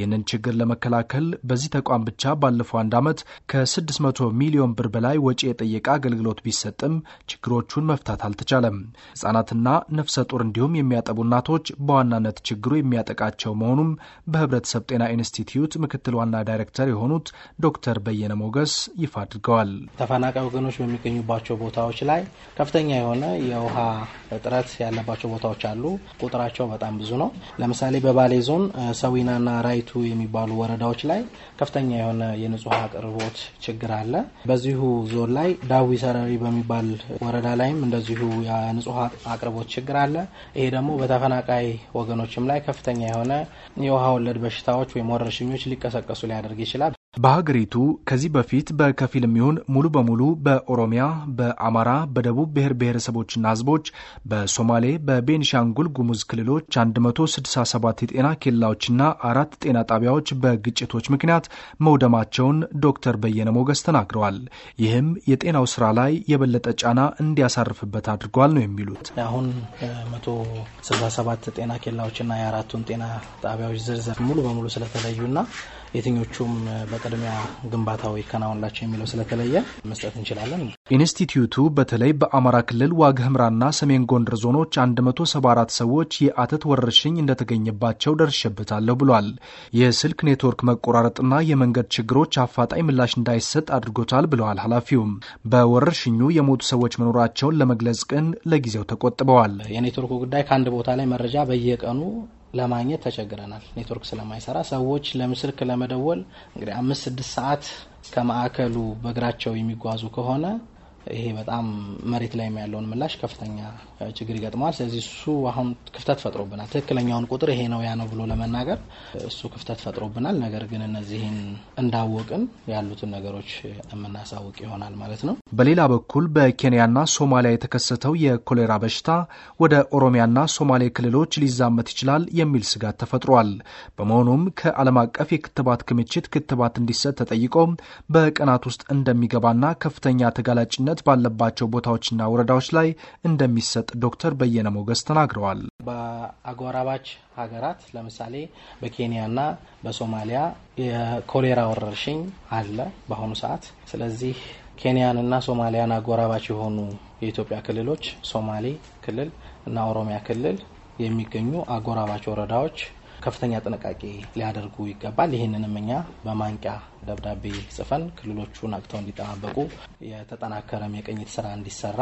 ይህንን ችግር ለመከላከል በዚህ ተቋም ብቻ ባለፈው አንድ ዓመት ከ600 ሚሊዮን ብር በላይ ወጪ የጠየቀ አገልግሎት ቢሰጥም ችግሮቹን መፍታት አልተቻለም። ሕጻናትና ነፍሰ ጡር እንዲሁም የሚያጠቡ እናቶች በዋናነት ችግሩ የሚያጠቃቸው መሆኑም በህብረተሰብ ጤና ኢንስቲትዩት ምክትል ዋና ዳይሬክተር የሆኑት ዶክተር በየነ ሞገስ ይፋ አድርገዋል። ተፈናቃይ ወገኖች በሚገኙባቸው ቦታዎች ላይ ከፍተኛ የሆነ የውሃ እጥረት ያለባቸው ቦታዎች አሉ። ቁጥራቸው በጣም ብዙ ነው። ለምሳሌ በባሌ ዞን ሰዊናና ራይ ወልቃይቱ የሚባሉ ወረዳዎች ላይ ከፍተኛ የሆነ የንጹህ አቅርቦት ችግር አለ። በዚሁ ዞን ላይ ዳዊ ሰረሪ በሚባል ወረዳ ላይም እንደዚሁ የንጹህ አቅርቦት ችግር አለ። ይሄ ደግሞ በተፈናቃይ ወገኖችም ላይ ከፍተኛ የሆነ የውሃ ወለድ በሽታዎች ወይም ወረርሽኞች ሊቀሰቀሱ ሊያደርግ ይችላል። በሀገሪቱ ከዚህ በፊት በከፊል የሚሆን ሙሉ በሙሉ በኦሮሚያ፣ በአማራ፣ በደቡብ ብሔር ብሔረሰቦችና ህዝቦች፣ በሶማሌ፣ በቤንሻንጉል ጉሙዝ ክልሎች 167 የጤና ኬላዎችና አራት ጤና ጣቢያዎች በግጭቶች ምክንያት መውደማቸውን ዶክተር በየነ ሞገስ ተናግረዋል። ይህም የጤናው ስራ ላይ የበለጠ ጫና እንዲያሳርፍበት አድርጓል ነው የሚሉት። አሁን 167 ጤና ኬላዎችና የአራቱን ጤና ጣቢያዎች ዝርዝር ሙሉ በሙሉ ስለተለዩና የትኞቹም በቅድሚያ ግንባታው ይከናወንላቸው የሚለው ስለተለየ መስጠት እንችላለን። ኢንስቲትዩቱ በተለይ በአማራ ክልል ዋግ ህምራና ሰሜን ጎንደር ዞኖች 174 ሰዎች የአተት ወረርሽኝ እንደተገኘባቸው ደርሼበታለሁ ብሏል። የስልክ ኔትወርክ መቆራረጥና የመንገድ ችግሮች አፋጣኝ ምላሽ እንዳይሰጥ አድርጎታል ብለዋል ኃላፊውም። በወረርሽኙ የሞቱ ሰዎች መኖራቸውን ለመግለጽ ግን ለጊዜው ተቆጥበዋል። የኔትወርኩ ጉዳይ ከአንድ ቦታ ላይ መረጃ በየቀኑ ለማግኘት ተቸግረናል። ኔትወርክ ስለማይሰራ ሰዎች ለምስልክ ለመደወል እንግዲህ አምስት ስድስት ሰዓት ከማዕከሉ በእግራቸው የሚጓዙ ከሆነ ይሄ በጣም መሬት ላይ ያለውን ምላሽ ከፍተኛ ችግር ይገጥመዋል። ስለዚህ እሱ አሁን ክፍተት ፈጥሮብናል። ትክክለኛውን ቁጥር ይሄ ነው ያ ነው ብሎ ለመናገር እሱ ክፍተት ፈጥሮብናል። ነገር ግን እነዚህን እንዳወቅን ያሉትን ነገሮች የምናሳውቅ ይሆናል ማለት ነው። በሌላ በኩል በኬንያና ሶማሊያ የተከሰተው የኮሌራ በሽታ ወደ ኦሮሚያና ሶማሌ ክልሎች ሊዛመት ይችላል የሚል ስጋት ተፈጥሯል። በመሆኑም ከዓለም አቀፍ የክትባት ክምችት ክትባት እንዲሰጥ ተጠይቆ በቀናት ውስጥ እንደሚገባና ከፍተኛ ተጋላጭነት ተጠቃሚነት ባለባቸው ቦታዎችና ወረዳዎች ላይ እንደሚሰጥ ዶክተር በየነ ሞገስ ተናግረዋል። በአጎራባች ሀገራት ለምሳሌ በኬንያና በሶማሊያ የኮሌራ ወረርሽኝ አለ በአሁኑ ሰዓት። ስለዚህ ኬንያንና ሶማሊያን አጎራባች የሆኑ የኢትዮጵያ ክልሎች ሶማሌ ክልል እና ኦሮሚያ ክልል የሚገኙ አጎራባች ወረዳዎች ከፍተኛ ጥንቃቄ ሊያደርጉ ይገባል። ይህንንም እኛ በማንቂያ ደብዳቤ ጽፈን ክልሎቹን አቅተው እንዲጠባበቁ የተጠናከረም የቅኝት ስራ እንዲሰራ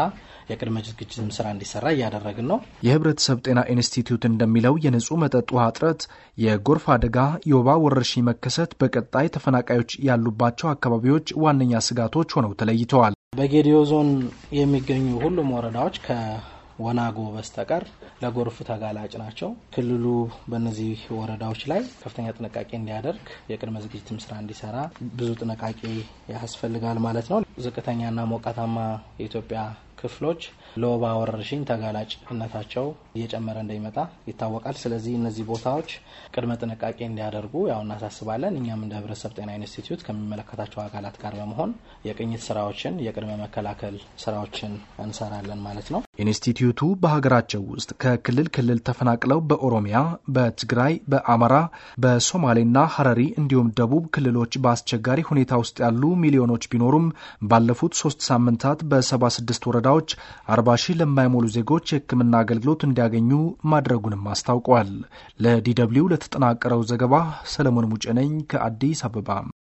የቅድመ ዝግጅትም ስራ እንዲሰራ እያደረግን ነው። የህብረተሰብ ጤና ኢንስቲትዩት እንደሚለው የንጹህ መጠጥ ውሃ እጥረት፣ የጎርፍ አደጋ፣ የወባ ወረርሽኝ መከሰት በቀጣይ ተፈናቃዮች ያሉባቸው አካባቢዎች ዋነኛ ስጋቶች ሆነው ተለይተዋል። በጌዲዮ ዞን የሚገኙ ሁሉም ወረዳዎች ከ ወናጎ በስተቀር ለጎርፍ ተጋላጭ ናቸው። ክልሉ በእነዚህ ወረዳዎች ላይ ከፍተኛ ጥንቃቄ እንዲያደርግ የቅድመ ዝግጅትም ስራ እንዲሰራ ብዙ ጥንቃቄ ያስፈልጋል ማለት ነው። ዝቅተኛና ሞቃታማ የኢትዮጵያ ክፍሎች ለወባ ወረርሽኝ ተጋላጭነታቸው እየጨመረ እንደሚመጣ ይታወቃል። ስለዚህ እነዚህ ቦታዎች ቅድመ ጥንቃቄ እንዲያደርጉ ያው እናሳስባለን። እኛም እንደ ህብረተሰብ ጤና ኢንስቲትዩት ከሚመለከታቸው አካላት ጋር በመሆን የቅኝት ስራዎችን፣ የቅድመ መከላከል ስራዎችን እንሰራለን ማለት ነው። ኢንስቲትዩቱ በሀገራቸው ውስጥ ከክልል ክልል ተፈናቅለው በኦሮሚያ፣ በትግራይ፣ በአማራ፣ በሶማሌና ሀረሪ እንዲሁም ደቡብ ክልሎች በአስቸጋሪ ሁኔታ ውስጥ ያሉ ሚሊዮኖች ቢኖሩም ባለፉት ሶስት ሳምንታት በ76 ወረዳዎች 40 ሺህ ለማይሞሉ ዜጎች የሕክምና አገልግሎት እንዲያገኙ ማድረጉንም አስታውቋል። ለዲ ለተጠናቀረው ዘገባ ሰለሞን ሙጬ ነኝ ከአዲስ አበባ።